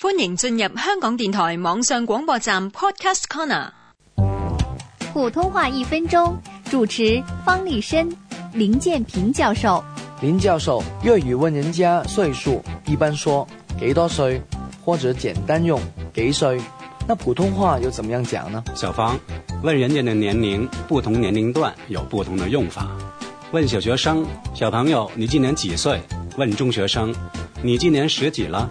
歡迎進入香港電台網上廣播站 Podcast Corner，普通話一分鐘，主持方力申、林建平教授。林教授，粵語問人家歲數，一般說幾多歲，或者簡單用幾歲。那普通話又怎麼樣講呢？小方，問人家的年齡，不同年齡段有不同的用法。問小學生、小朋友，你今年幾歲？問中學生，你今年十幾了？